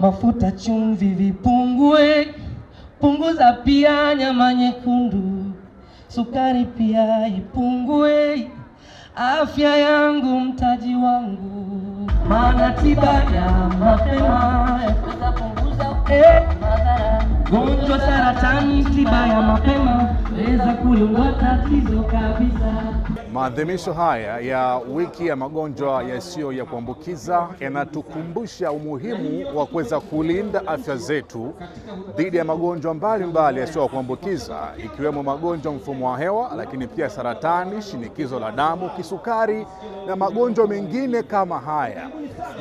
mafuta, chumvi vipungue, punguza pia nyama nyekundu, sukari pia ipungue, afya yangu mtaji wangu, maana tiba ya mapema gonjwa saratani, tiba ya mapema weza kuliungwa tatizo kabisa. Maadhimisho haya ya wiki ya magonjwa yasiyo ya kuambukiza yanatukumbusha umuhimu wa kuweza kulinda afya zetu dhidi ya magonjwa mbalimbali yasiyo ya kuambukiza ikiwemo magonjwa mfumo wa hewa, lakini pia saratani, shinikizo la damu, kisukari na magonjwa mengine kama haya.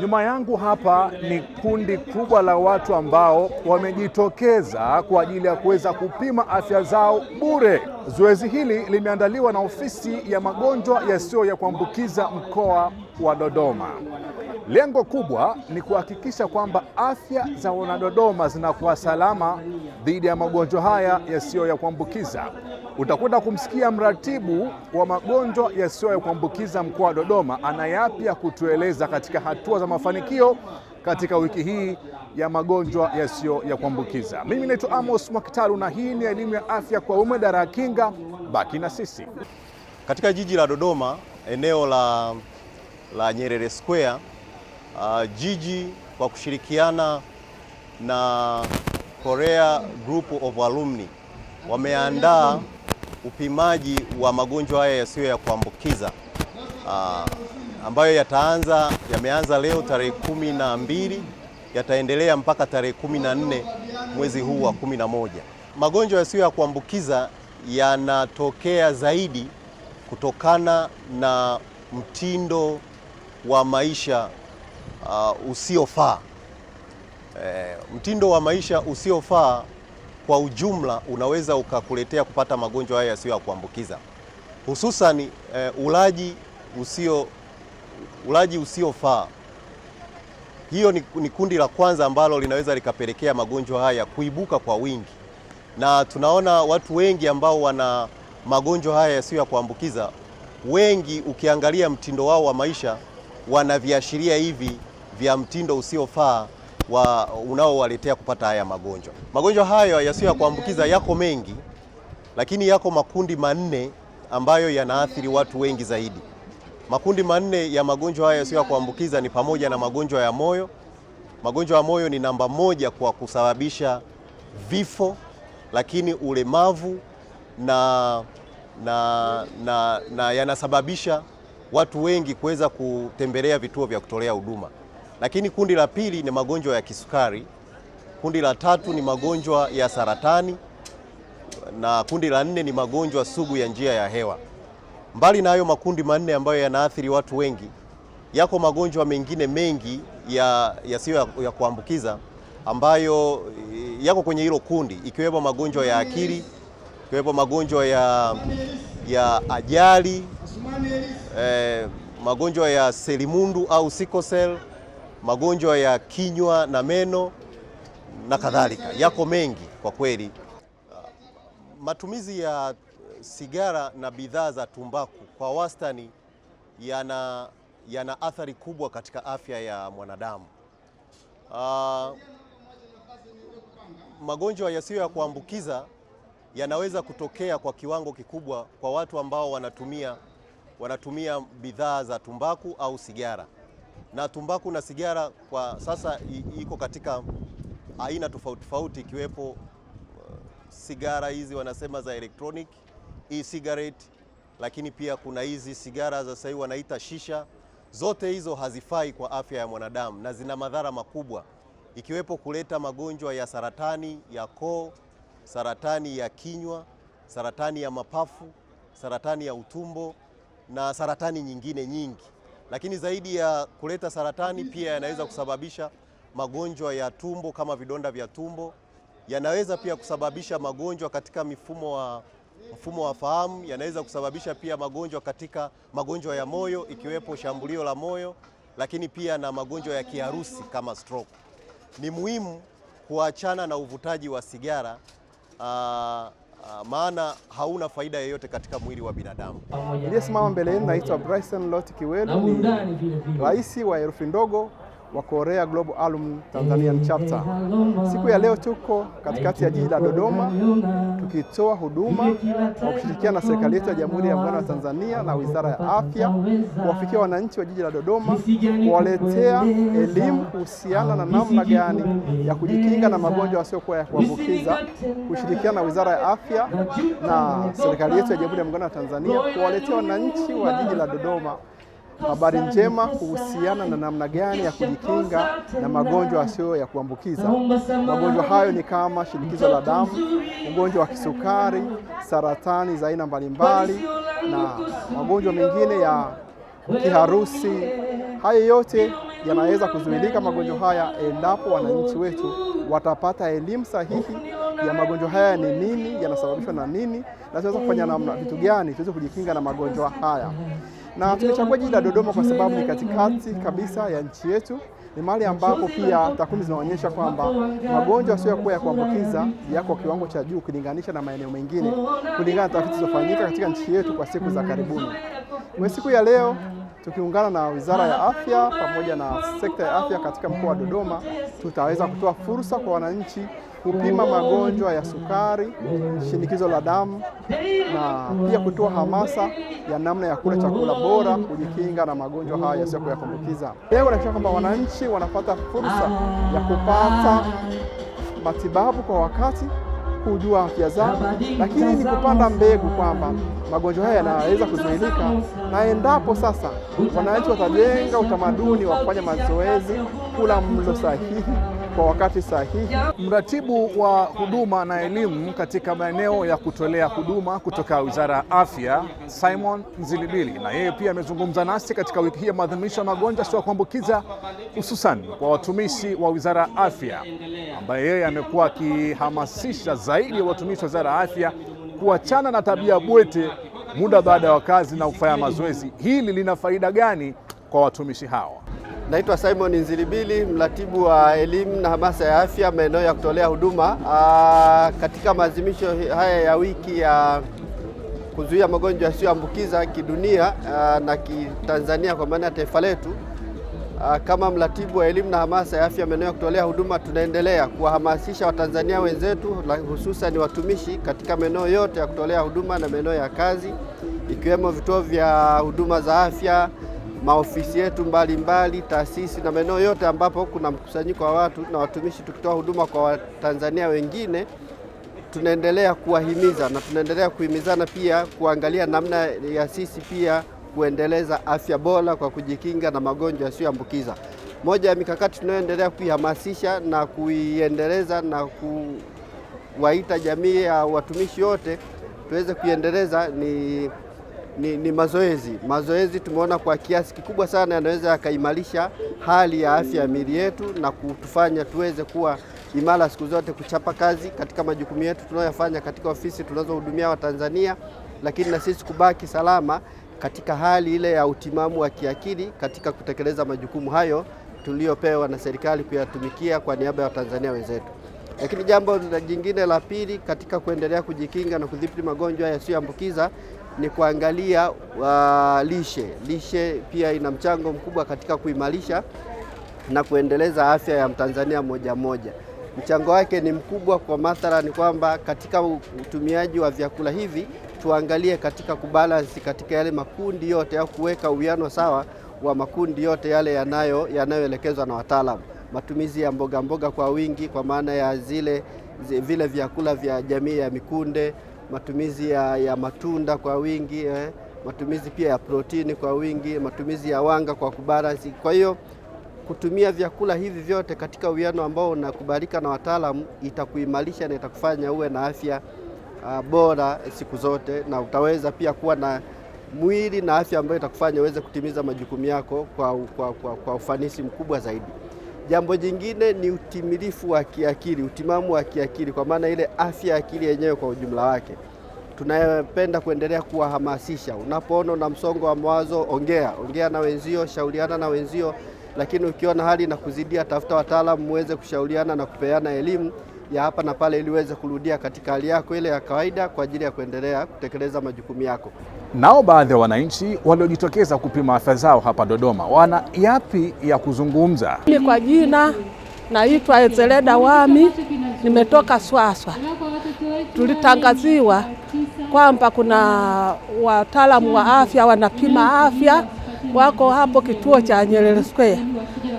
Nyuma yangu hapa ni kundi kubwa la watu ambao wamejitokeza kwa ajili ya kuweza kupima afya zao bure. Zoezi hili limeandaliwa na ofisi ya magonjwa yasiyo ya kuambukiza mkoa wa Dodoma. Lengo kubwa ni kuhakikisha kwamba afya za wanadodoma zinakuwa salama dhidi ya magonjwa haya yasiyo ya kuambukiza. Utakwenda kumsikia mratibu wa magonjwa yasiyo ya kuambukiza mkoa wa Dodoma anayapya kutueleza katika hatua za mafanikio katika wiki hii ya magonjwa yasiyo ya kuambukiza. Mimi naitwa Amos mwakitalu na hii ni elimu ya afya kwa umma, dara ya kinga. Baki na sisi katika jiji la Dodoma, eneo la, la Nyerere Square. Uh, jiji kwa kushirikiana na Korea Group of Alumni wameandaa upimaji wa magonjwa haya yasiyo ya kuambukiza. Ah, ambayo yataanza yameanza leo tarehe kumi na mbili yataendelea mpaka tarehe kumi na nne mwezi huu wa kumi na moja. Magonjwa yasiyo ya kuambukiza yanatokea zaidi kutokana na mtindo wa maisha uh, usiofaa. E, mtindo wa maisha usiofaa kwa ujumla unaweza ukakuletea kupata magonjwa haya yasiyo ya kuambukiza hususani e, eh, ulaji usio ulaji usiofaa. Hiyo ni, ni kundi la kwanza ambalo linaweza likapelekea magonjwa haya kuibuka kwa wingi, na tunaona watu wengi ambao wana magonjwa haya yasiyo ya kuambukiza, wengi ukiangalia mtindo wao wa maisha wana viashiria hivi vya mtindo usiofaa wa unaowaletea kupata haya magonjwa. Magonjwa hayo yasiyo ya kuambukiza yako mengi, lakini yako makundi manne ambayo yanaathiri watu wengi zaidi. Makundi manne ya magonjwa haya yasiyo ya kuambukiza ni pamoja na magonjwa ya moyo. Magonjwa ya moyo ni namba moja kwa kusababisha vifo, lakini ulemavu na, na, na, na yanasababisha watu wengi kuweza kutembelea vituo vya kutolea huduma. Lakini kundi la pili ni magonjwa ya kisukari, kundi la tatu ni magonjwa ya saratani na kundi la nne ni magonjwa sugu ya njia ya hewa. Mbali na hayo makundi manne ambayo yanaathiri watu wengi, yako magonjwa mengine mengi yasiyo ya, ya kuambukiza ambayo eh, yako kwenye hilo kundi, ikiwemo magonjwa ya akili, ikiwemo magonjwa ya, ya ajali eh, magonjwa ya selimundu au sikosel, magonjwa ya kinywa na meno na kadhalika, yako mengi kwa kweli. Matumizi ya sigara na bidhaa za tumbaku kwa wastani yana, yana athari kubwa katika afya ya mwanadamu. Uh, magonjwa yasiyo ya kuambukiza yanaweza kutokea kwa kiwango kikubwa kwa watu ambao wanatumia, wanatumia bidhaa za tumbaku au sigara. Na tumbaku na sigara kwa sasa iko katika aina tofauti tofauti ikiwepo uh, sigara hizi wanasema za electronic e-cigarette, lakini pia kuna hizi sigara za sasa hivi wanaita shisha. Zote hizo hazifai kwa afya ya mwanadamu na zina madhara makubwa, ikiwepo kuleta magonjwa ya saratani ya koo, saratani ya kinywa, saratani ya mapafu, saratani ya utumbo na saratani nyingine nyingi. Lakini zaidi ya kuleta saratani, pia yanaweza kusababisha magonjwa ya tumbo kama vidonda vya tumbo, yanaweza pia kusababisha magonjwa katika mifumo wa mfumo wa fahamu yanaweza kusababisha pia magonjwa katika magonjwa ya moyo ikiwepo shambulio la moyo, lakini pia na magonjwa ya kiharusi kama stroke. Ni muhimu kuachana na uvutaji wa sigara aa, ah, ah, maana hauna faida yoyote katika mwili wa binadamu. Niliyesimama mbele yenu naitwa Bryson Lot Kiwelu, ni rais wa herufi ndogo wa Korea Global Alumni Tanzanian Chapter. Siku ya leo tuko katikati ya jiji la Dodoma tukitoa huduma kwa kushirikiana na serikali yetu ya Jamhuri ya Muungano wa Tanzania na Wizara ya Afya kuwafikia wananchi wa jiji la Dodoma, kuwaletea elimu kuhusiana na namna gani ya kujikinga na magonjwa yasiyokuwa ya kuambukiza, kushirikiana na Wizara ya Afya na serikali yetu ya Jamhuri ya Muungano wa Tanzania kuwaletea wananchi wa jiji la Dodoma habari njema kuhusiana na namna gani ya kujikinga na magonjwa yasiyo ya kuambukiza. Magonjwa hayo ni kama shinikizo la damu, ugonjwa wa kisukari, saratani za aina mbalimbali na magonjwa mengine ya kiharusi. hayo yote yanaweza kuzuilika magonjwa haya endapo wananchi wetu watapata elimu sahihi ya magonjwa haya ni nini, yanasababishwa na nini, na tunaweza kufanya namna vitu gani tuweze kujikinga na magonjwa haya na tumechagua jiji la Dodoma kwa sababu ni katikati kabisa ya nchi yetu. Ni mahali ambapo pia takwimu zinaonyesha kwamba magonjwa yasiyokuwa ya kuambukiza yako kiwango cha juu kulinganisha na maeneo mengine, kulingana na tafiti zilizofanyika katika nchi yetu kwa siku za karibuni. Kwa siku ya leo tukiungana na Wizara ya Afya pamoja na sekta ya afya katika mkoa wa Dodoma tutaweza kutoa fursa kwa wananchi kupima magonjwa ya sukari, shinikizo la damu na pia kutoa hamasa ya namna ya kula chakula bora, kujikinga na magonjwa haya yasiyo ya kuambukiza. Lengo ni kwamba wananchi wanapata fursa ya kupata matibabu kwa wakati, kujua afya zao, lakini ni kupanda mbegu kwamba magonjwa haya yanaweza kuzuilika, na endapo sasa wananchi watajenga utamaduni wa kufanya mazoezi, kula mlo sahihi kwa wakati sahihi. Mratibu wa huduma na elimu katika maeneo ya kutolea huduma kutoka Wizara ya Afya, Simon Nzilibili, na yeye pia amezungumza nasi katika wiki hii ya maadhimisho ya magonjwa sio ya kuambukiza hususan kwa watumishi wa Wizara ya Afya, ambaye yeye amekuwa akihamasisha zaidi watumishi wa Wizara ya Afya kuachana na tabia bwete muda baada ya kazi na kufanya mazoezi. Hili lina faida gani kwa watumishi hawa? Naitwa Simon Nzilibili, mratibu wa elimu na hamasa ya afya maeneo ya kutolea huduma. Aa, ah, katika maadhimisho haya ya wiki ya kuzuia magonjwa yasiyoambukiza kidunia aa, ah, na kitanzania kwa maana ya taifa letu, ah, kama mratibu wa elimu na hamasa ya afya maeneo ya kutolea huduma, tunaendelea kuwahamasisha Watanzania wenzetu hususan watumishi katika maeneo yote ya kutolea huduma na maeneo ya kazi ikiwemo vituo vya huduma za afya maofisi yetu mbalimbali, taasisi na maeneo yote ambapo kuna mkusanyiko wa watu na watumishi, tukitoa huduma kwa Watanzania wengine, tunaendelea kuwahimiza na tunaendelea kuhimizana pia kuangalia namna ya sisi pia kuendeleza afya bora kwa kujikinga na magonjwa yasiyoambukiza. Moja ya mikakati tunayoendelea kuihamasisha na kuiendeleza na kuwaita jamii ya watumishi wote tuweze kuiendeleza ni ni, ni mazoezi. Mazoezi tumeona kwa kiasi kikubwa sana yanaweza yakaimarisha hali ya afya ya miili yetu na kutufanya tuweze kuwa imara siku zote, kuchapa kazi katika majukumu yetu tunayoyafanya katika ofisi tunazohudumia Watanzania, lakini na sisi kubaki salama katika hali ile ya utimamu wa kiakili katika kutekeleza majukumu hayo tuliyopewa na serikali kuyatumikia kwa niaba ya Watanzania wenzetu. Lakini jambo jingine la pili katika kuendelea kujikinga na kudhibiti magonjwa yasiyoambukiza ni kuangalia uh, lishe. Lishe pia ina mchango mkubwa katika kuimarisha na kuendeleza afya ya Mtanzania mmoja mmoja. Mchango wake ni mkubwa, kwa ni kwamba katika utumiaji wa vyakula hivi tuangalie katika kubalansi katika yale makundi yote au kuweka uwiano sawa wa makundi yote yale yanayo yanayoelekezwa na wataalamu. Matumizi ya mboga mboga kwa wingi, kwa maana ya zile, zile vile vyakula vya jamii ya mikunde matumizi ya, ya matunda kwa wingi eh, matumizi pia ya protini kwa wingi, matumizi ya wanga kwa kubalansi. Kwa hiyo kutumia vyakula hivi vyote katika uwiano ambao unakubalika na wataalamu itakuimarisha na itakufanya uwe na afya uh, bora siku zote, na utaweza pia kuwa na mwili na afya ambayo itakufanya uweze kutimiza majukumu yako kwa, kwa, kwa, kwa ufanisi mkubwa zaidi. Jambo jingine ni utimilifu wa kiakili, utimamu wa kiakili, kwa maana ile afya ya akili yenyewe kwa ujumla wake. Tunayependa kuendelea kuwahamasisha, unapoona una msongo wa mawazo, ongea ongea na wenzio, shauriana na wenzio, lakini ukiona hali na kuzidia, tafuta wataalamu muweze kushauriana na kupeana elimu ya hapa na pale ili uweze kurudia katika hali yako ile ya kawaida kwa ajili ya kuendelea kutekeleza majukumu yako. Nao baadhi ya wananchi waliojitokeza kupima afya zao hapa Dodoma wana yapi ya kuzungumza. Mimi kwa jina naitwa Ezeleda Wami, nimetoka Swaswa. Tulitangaziwa kwamba kuna wataalamu wa afya wanapima afya, wako hapo kituo cha Nyerere Square.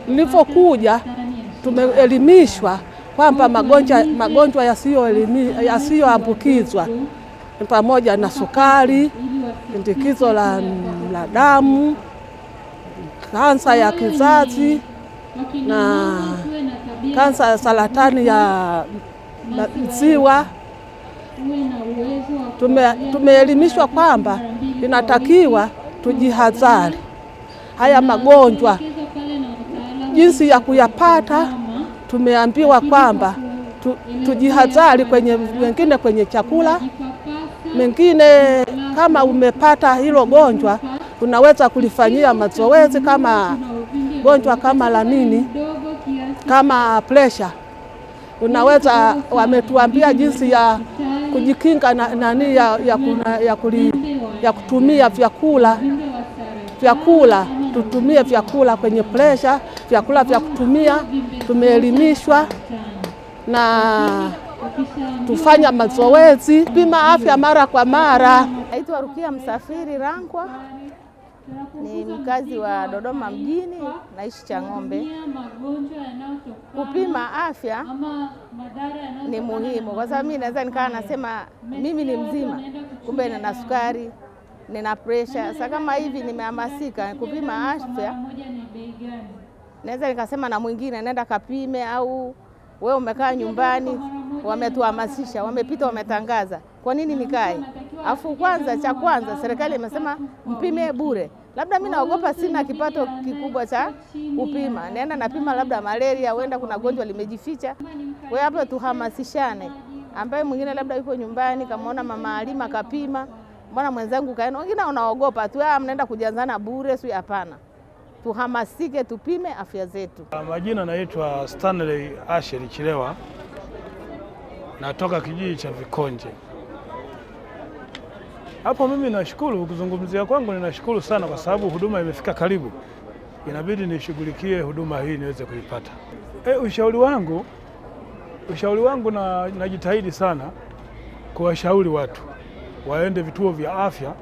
Nilipokuja tumeelimishwa kwamba magonjwa, magonjwa yasiyoambukizwa ni pamoja na sukari, shinikizo la, la damu, kansa ya kizazi na kansa ya saratani ya ziwa. Tumeelimishwa kwamba inatakiwa tujihadhari haya magonjwa, jinsi ya kuyapata tumeambiwa kwamba tu, tujihadhari kwenye wengine kwenye chakula mengine, kama umepata hilo gonjwa unaweza kulifanyia mazoezi, kama gonjwa kama la nini, kama presha unaweza wametuambia jinsi ya kujikinga na nani ya, ya, kuna, ya, kuli, ya kutumia vyakula vyakula tutumie vyakula kwenye presha vyakula vya kutumia, tumeelimishwa na tufanya mazoezi, pima afya mara kwa mara. Naitwa Rukia Msafiri Rangwa, ni mkazi wa Dodoma mjini, naishi Chang'ombe. Kupima afya ni muhimu, kwa sababu mimi naweza nikawa nasema mimi ni mzima, kumbe nina sukari, nina presha. Sasa kama hivi nimehamasika kupima afya naweza nikasema na mwingine nenda kapime, au we umekaa nyumbani, wametuhamasisha, wamepita, wametangaza, kwa nini nikae? Afu kwanza, cha kwanza serikali imesema mpime bure. Labda mi naogopa, sina kipato kikubwa cha kupima, naenda napima labda malaria, huenda kuna gonjwa limejificha. Wewe hapo tuhamasishane, ambaye mwingine labda yuko nyumbani, kamwona mama alima kapima, mbona mwenzangu kaenda? Wengine wanaogopa tu, ah, mnaenda kujanzana bure, si hapana tuhamasike, tupime afya zetu. Majina naitwa Stanley Asheri Chilewa, natoka kijiji cha Vikonje. Hapo mimi nashukuru, kuzungumzia kwangu ninashukuru sana kwa sababu huduma imefika karibu, inabidi nishughulikie huduma hii niweze kuipata. E, ushauri wangu ushauri wangu na najitahidi sana kuwashauri watu waende vituo vya afya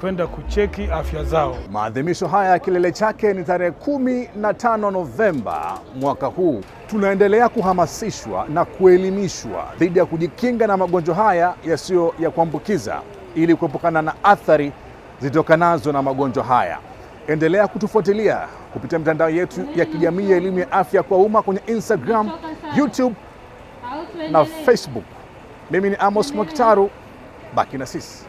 kwenda kucheki afya zao. Maadhimisho haya ya kilele chake ni tarehe kumi na tano Novemba mwaka huu. Tunaendelea kuhamasishwa na kuelimishwa dhidi ya kujikinga na magonjwa haya yasiyo ya kuambukiza ili kuepukana na athari zitokanazo na magonjwa haya. Endelea kutufuatilia kupitia mitandao yetu ya kijamii ya elimu ya afya kwa umma kwenye Instagram, YouTube na Facebook. Mimi ni Amos Mwakitaru, baki na sisi.